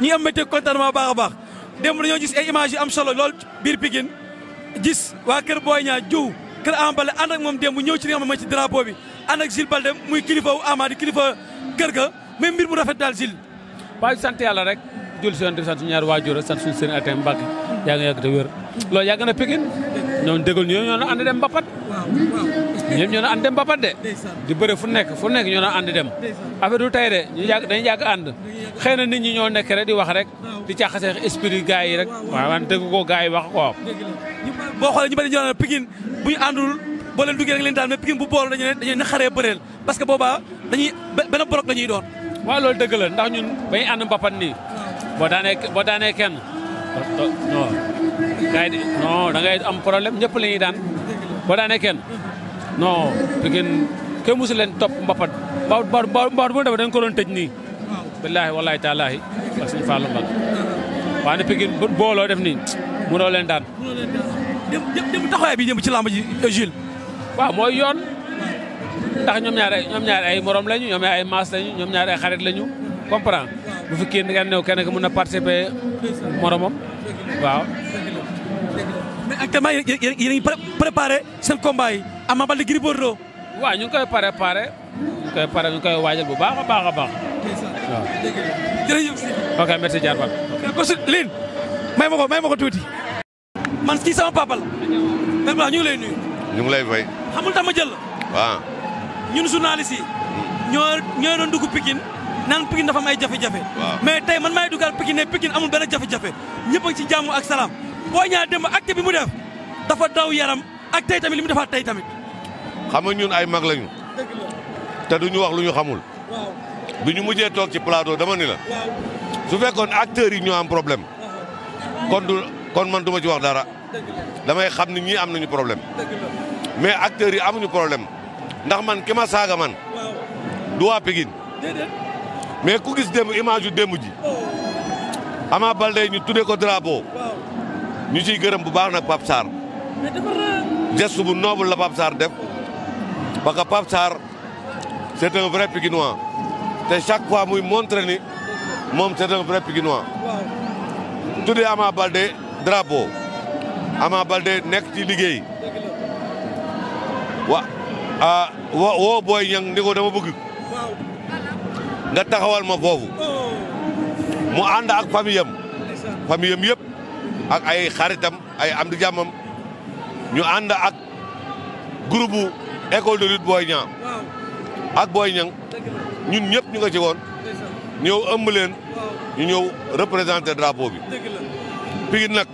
ñi am météo contentement baax a baax démb dañoo gis ay images yu am solo lool biir Pikine gis waa kër Boy Niang jiw kër Ambale ànd ak moom démb ñëw ci li ma ma ne ci drapeau bi ànd ak Balde muy kilifa wu Ama di kilifa kër ga mais mbir mu rafet daal Gilles. waaye sant yàlla rek jul si sant suñu ñaar waajur sant suñu sëriñ Atem Mbacke yaa ngi yàgg te wér loolu yàgg na Pikine ñoom déglu ñu ñoo ànd dem mbapat ñoom ñoo na dem ba pat de di bëre fu nekk fu nekk ñoo na ànd dem affaire du tey de ñu yàgg dañu yàgg ànd xëy na nit ñi ñoo nekk rek di wax rek di caaxase esprit gars yi rek waaw man dëgg ko gars yi wax ko boo xoolee ñu bëri ñoo na Pikine bu ñu àndul boo leen duggee rek leen bu booloo dañu dañu na xaree bëreel parce que boobaa dañuy benn bloc la ñuy doon dëgg la ndax ñun bañuy ànd mbapat nii boo daanee boo daanee kenn non gars yi non da am problème ñëpp la ñuy daan boo daanee kenn non Pikine kenn mosu leen topp mbapat mbapat mbapat mbapat bu dafa dañ ko doon tëj nii billaahi wallaahi taalaahi ak suñu fàllu mbag waaye ne Pikine bu booloo def nii mënoo leen daan dem bi jëm ci làmb ji Jules waaw mooy yoon ndax ñoom ñaar ñoom ñaar ay morom lañu ñoom ñaar ay maas lañu ñoom ñaar ay xarit lañu comprendre bu fi kenn nga new kenn ki mën a participer moromam waaw mais actuellement yéen a ngi préparé seen combat yi Ama Baldé Gris Bordeaux. waaw ñu ngi koy préparé ñu koy pare ñu koy waajal bu baax a baax a baax. waaw jërëjëf si. ok merci Diar Fane. may ma ko may ma ko tuuti. man kii sama papa la. même là ñu ngi lay nuyu. ñu ngi lay fay. xamul tax ma jël la. waaw. ñun journaliste yi. Hmm. ñoo ñoo doon dugg Pikine naan Pikine dafa ay jafe-jafe. mais tey man maay duggaat Pikine ne Pikine amul benn jafe-jafe ñëpp a ci jàmm ak salaam. Boy Niang dem acte bi mu def dafa daw yaram ak tey tamit li mu defaat tey tamit. xam nga ñun ay mag lañu. te duñu wax lu ñu xamul. bi ñu mujjee toog ci plateau dama ni la. su fekkoon acteurs yi ñoo am problème. Uh-huh. kon du kon man du ma ci wax dara. damay xam ni ñii am nañu problème. mais acteurs yi amuñu problème ndax man ki ma saaga man. du waa Pikine. mais ku gis démb image yu démb ji. Oh. Ama Baldé ñu tuddee ko drapeau. ñu ciy gërëm bu baax na Pape Sarr geste bu noble la Pape def parce que Pape Sarr c'est un vrai te chaque fois muy montré ni moom c'est un vrai Pikinois tuddee Ama Baldé drapeau Ama Baldé nekk ci liggéey wa ah woo booy ñang ni ko dama bëgg nga taxawal ma foofu oh. mu ànd ak famille am famille am yëpp ak ay xaritam ay am di jàmmam ñu ànd ak groupe école de lutte Boy ak Boy Niang ñun ñëpp ñu nga ci woon ñëw ëmb leen ñu ñëw représenté drapeau bi Pikine nag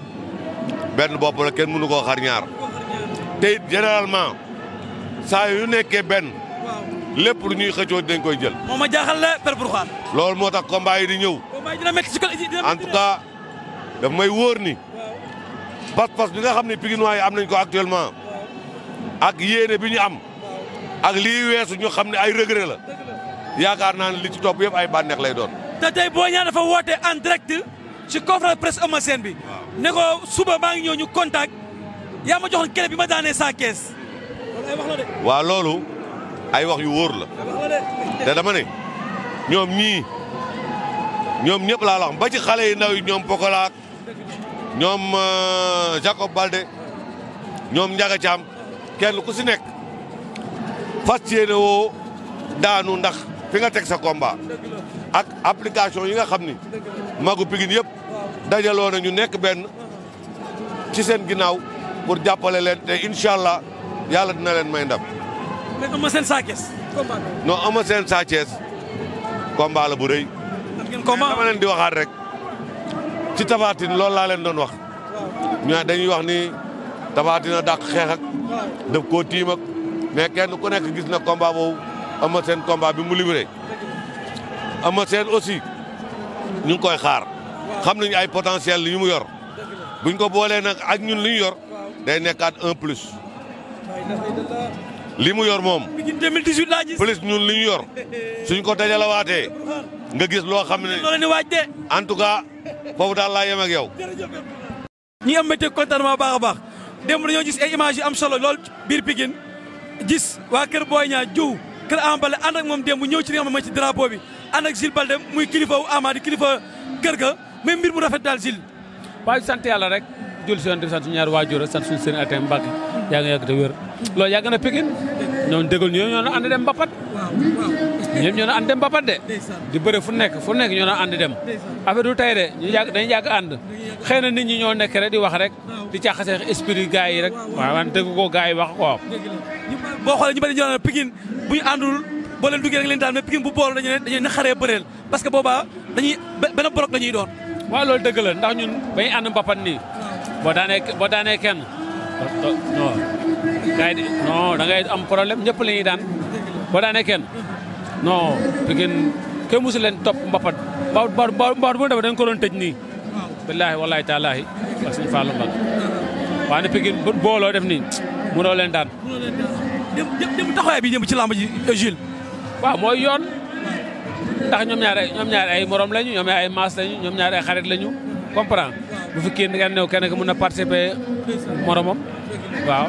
benn bopp la kenn mënu koo xar ñaar te it généralement yu nekkee benn lépp lu ñuy xëccoo dañ koy jël. moo ma moo tax combat di ñëw. combat daf may wóor ni pas-pas bi nga xam ne Pikinois yi am nañ ko actuellement ak yéene bi ñu am ak lii weesu ñu xam ne ay regret la yaakaar naa ne li ci topp yëpp ay bànneex lay doon. te tey boo Niang dafa woote en direct ci conférence presse Eumeu Sène bi. ne ko suba maa ngi ñëw ñu contact yaa ma joxoon clé bi ma daanee saa kees. waaw loolu ay wax yu wóor la. te dama ñoom ñii ñoom ñëpp laa la ba ci xale yi ndaw yi ñoom Pokola ñoom euh, Jacob Balde ñoom Ndiaga Thiam kenn ku si nekk fas yéene woo daanu ndax fi nga teg sa combat ak application yi nga xam ni magu Pikine yëpp dajaloo na ñu nekk benn ci seen ginnaaw pour jàppale leen te incha allah yàlla dina leen may ndam. mais am seen Sa Thiès combat non am na bu rëy. am ngeen leen di waxaat rek. ci Tafatine loolu laa leen doon wax ñu dañuy wax ni Tafatine dàq xeex ak daf koo tiim ak mais kenn ku nekk gis na combat boobu ama seen combat bi mu livré ama seen aussi ñu ngi koy xaar xam nañu ay potentiel yu mu yor buñ ko boolee nag ak ñun li yor day nekkaat un plus. lii mu yor moom. plus ñun li ñu yor suñ ko dajale waatee nga gis loo xam ne. en tout cas foofu daal laa yem ak yow. ñi am météo contentement baax a baax démb dañoo gis ay images am solo lool biir Pikine gis waa kër Boy Niang Diouf kër Ambale ànd ak moom démb ñëw ci li nga xam ne mooy ci drapeau bi ànd ak Gilles Balde muy kilifa wu Amady kilifa kër ga mais mbir mu rafet daal Gilles. waaye sant yàlla rek. jul si yonent bi sant suñu ñaari waajur sant suñu sëriñ Atem Mbacke yaa ngi yàgg te wér loolu yàgg na Pikine ñoom dégul ñoo ñoo ànd dem mbapat ñoom ñoo ànd dem mbapat de fu nekk fu nekk ñoo ànd dem affaire du tey de ñu yàgg dañuy yàgg ànd xëy na nit ñi nekk rek di wax rek di caaxase esprit gars yi rek waaw man dégg ko gars yi wax ko boo xoolee ñu bëri ñoo Pikine bu ñu àndul boo leen duggee rek leen bu bool dañu ne dañu ne xaree parce que boobaa dañuy la ñuy doon waaw loolu ndax ñun bañuy ànd mbapat nii boo daanee boo daanee kenn non gars yi da ngay am problème ñëpp la ñuy daan boo daanee kenn non Pikine kenn musu leen topp mbapat mbapat mbapat mbapat bu dafa dañ ko doon tëj nii billaahi wallaahi taalaahi ak suñu Fallou Mbacké waaye ne Pikine bu booloo def nii mënoo leen daan bi dem ci làmb ji Jules waaw mooy yoon ndax ñoom ñaar ñom ñaar ay morom lañu ñoom ñaar ay maas lañu ñoom ñaar ay xarit lañu comprendre bu fi kenn nga new kenn ku mën a participer moromam waaw.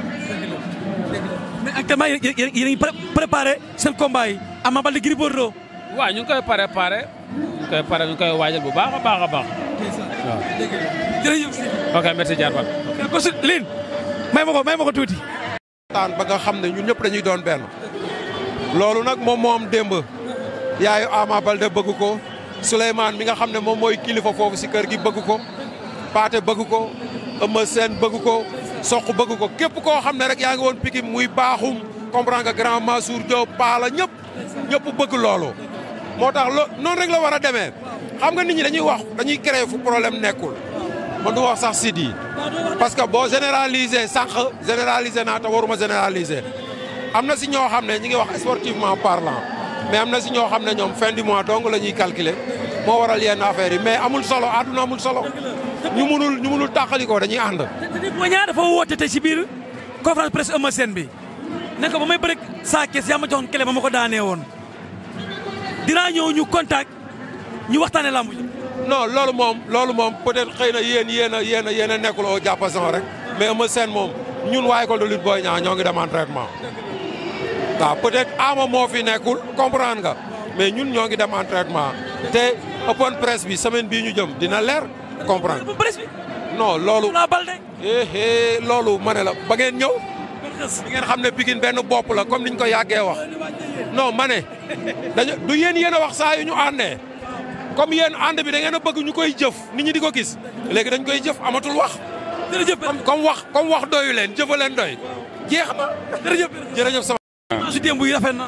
mais actuellement yéen a ngi préparé seen combat yi Ama Baldé Gris Bordeaux. waaw ñu koy préparé ñu ngi koy pare ñu ngi koy waajal bu baax a baax a baax. waaw jërëjëf si. ok merci Diarfane. kon si may ma may ma tuuti. taan ba xam ne ñun ñëpp dañuy doon benn. loolu nag moom moo am démb. yaayu Ama Baldé bëgg ko Souleymane mi nga xam ne moom mooy kilifa foofu si kër gi bëggu ko. Paate bëggu ko Eumeu Sène bëgg ko soq bëgg ko képp koo xam ne rek yaa ngi woon Pikine muy baaxum comprendre nga grand Mansour Diop Paala ñëpp ñëpp bëgg loolu. moo tax loo noonu rek la war a demee xam nga nit ñi dañuy wax dañuy créer fu problème nekkul man du wax sax site yi parce que boo généraliser sànq généraliser naa te waruma généraliser am na si ñoo xam ne ñu ngi wax sportivement parlant mais am na si ñoo xam ne ñoom fin du mois donc la ñuy calculer moo waral yenn affaire yi mais amul solo àdduna amul solo ñu mënul ñu mënul tàqalikoo dañuy ànd. te te boo ñaar dafa woote tey si biir conférence presse Eumeu bi ne ko ba may bëri saa kees yaa ma joxoon clé ba ma ko daanee woon dinaa ñëw ñu contact ñu waxtaanee làmb ji. non loolu moom loolu moom peut xëy na yéen yéen a yéen a yéen a nekkul au jàppason rek mais Eumeu Sène moom ñun waa école de lutte Boy Niang ñoo ngi dem entraînement waaw peut-être ama moo fi nekkul comprendre nga mais ñun ñoo ngi dem entraînement te open presse bi semaine bii ñu jëm dina leer. comprendre non loolu. Eh, eh loolu ma ne la ba ngeen ñëw. di xam ne Pikine benn bopp la comme niñ ko yàggee wax. non ma ne dañu du yéen yéen a wax saa yu ñu àndee. comme yéen ànd bi da ngeen a bëgg ñu koy jëf nit ñi di ko gis léegi dañ koy jëf amatul wax. jërëjëf comme wax comme wax doyu leen jëfa leen doy. jeex na jërëjëf jërëjëf sama. waaw su démb yi rafet na.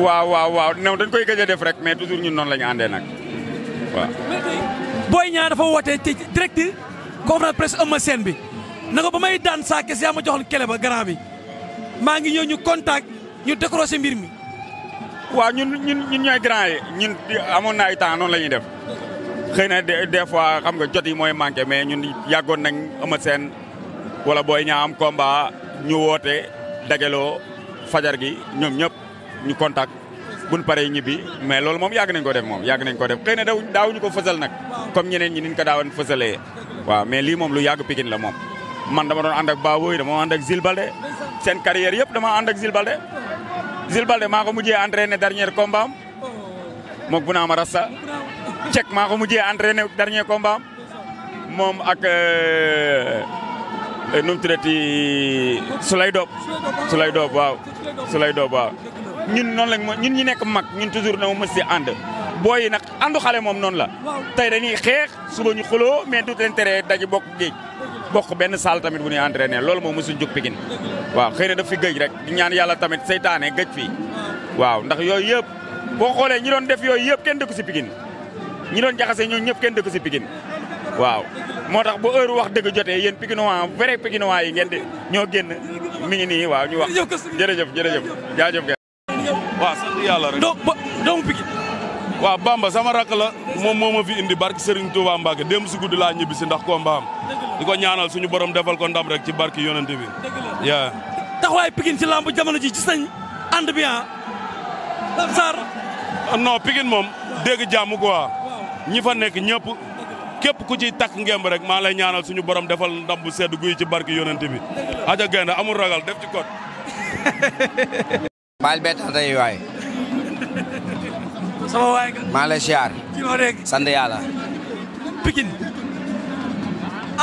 waaw waaw waaw non dañ koy gëj a def rek mais toujours ñu noonu lañu ñu àndee nag waaw. Boy Niang dafa woote ci direct conférence presse Eumeu Sène bi na ko ba may daan saa si yaa ma joxoon kele ba grand bi maa ngi ñëw ñu contact ñu décroché mbir mi. waaw ñun ñun ñun ñooy grand yi ñun amoon na ay temps la ñuy def xëy na des fois xam nga jot yi mooy manqué mais ñun yàggoon nañ Eumeu Sène wala booy ñaa am combat ñu woote dajaloo fajar gi ñoom ñëpp ñu contact. bun paree ñibbi mais loolu moom yàgg nañ ko def moom yàgg nañ ko def xëy na daw daawuñu ko fësal nag comme ñeneen ñi niñ ko daawan fësalee waaw mais lii moom lu yàgg Pikine la moom man dama doon ànd ak Baboy dama ànd ak Zil Balde seen carrière yëpp dama ànd ak Zil Balde Zil Balde maa ko mujjee entraîné dernier combat am mook bu naa ma rasta cek maa ko mujjee entraîné dernier combat am moom ak euh, euh, nu mu tuddati Soulay Doob Soulay Doob waaw Soulay Doob waaw ñun noonu moo ñun ñi nekk mag ñun toujours na mës si ànd booy yi nag àndu xale moom noonu la tey dañuy xeex suba ñu xuloo mais du leen tere daji bokk géej bokk benn salle tamit bu ñuy entraîné loolu moom mësuñ jóg Pikine waaw xëy na daf fi gëj rek di ñaan yàlla tamit seytaane gëj fi waaw ndax yooyu yëpp boo xoolee ñi doon def yooyu yëpp kenn dëkku si Pikine ñi doon jaxase ñoo ñëpp kenn dëkku si Pikine waaw moo tax bu heure wax dëgg jotee yéen pikinois vrai pikinois yi ngeen di ñoo génn mi ngi nii ñu wax jërëjëf jërëjëf jaajëf waaw sant yàlla rek. doo doomu Pikine. waaw Bamba sama rakk la moom moo ma fi indi barki Serigne Touba Mbacke démb si guddi laa ñibbi si ndax combat am. di ko ñaanal suñu borom defal ko ndam rek ci barki yonent bi. dëgg la taxawaay ci ci lamb jamono ji gis nañ ànd bi ah. Sarr. non Pikine moom dégg jàmm quoi. ñi fa nekk ñëpp. képp ku ci takk ngemb rek maa lay ñaanal suñu borom defal ndam bu sedd guy ci barki yonent bi. dëgg la aja gaynde amul ragal def ci kot. baal bett na tey waay. sama waay maa ngi lay siyaar. sant yàlla. Pikine.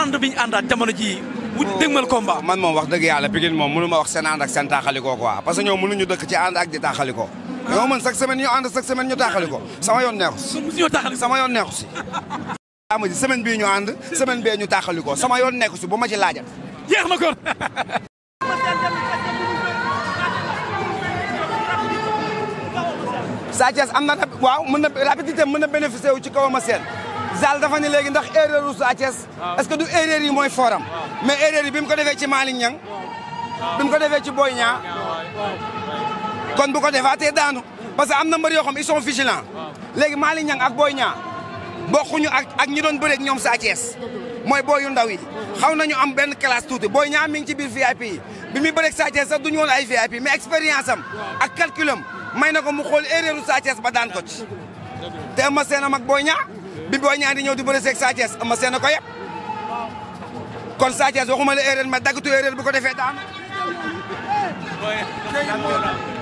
ànd bi ñu àndaat jamono jii. wut oh. dégmal combat. man moom wax dëgg yàlla Pikine moom mënu ma wax seen ànd ak seen taaxalikoo quoi parce que ñoom ñu dëkk ci ànd ak di taaxalikoo. Ah. ñoo mën chaque semaine ñu ànd chaque semaine ñu taaxalikoo sama yoon neexu si. sama yoon neexu si. am ji semaine bii ñu ànd semaine bee ñu taaxalikoo sama yoon neexu si bu ma ci laajal. Sa Thiès am na waaw mën na rapidité mën na bénéficié wu ci kawam a seen dafa ne léegi ndax erreur u Sa Thiès que du erreur mooy foram mais erreur yi bi mu ko defee ci Malick Niang bi mu ko defee ci Boy Niang kon bu ko defaatee daanu parce que am na mbër yoo xam ils sont vigilants léegi Malick Niang ak Boy ñaa bokkuñu ak ak ñi doon bëreeg ñoom Sa Thiès mooy booyu ndaw yi xaw nañu am benn classe tuuti Boy Niang mi ngi ci biir VIP yi bi muy bëreeg Sa Thiès sax du ñu woon ay VIP mais a am ak calcul am may na ko mu xool erreur u ba daan ko ci. te Eumeu Sène boo Boy Niang bi Boy Niang di ñëw di bëre seeg Sa Thiès Eumeu Sène ko yëpp kon Sa Thiès waxuma la erreur ma daggatu erreur bu ko defee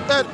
daan.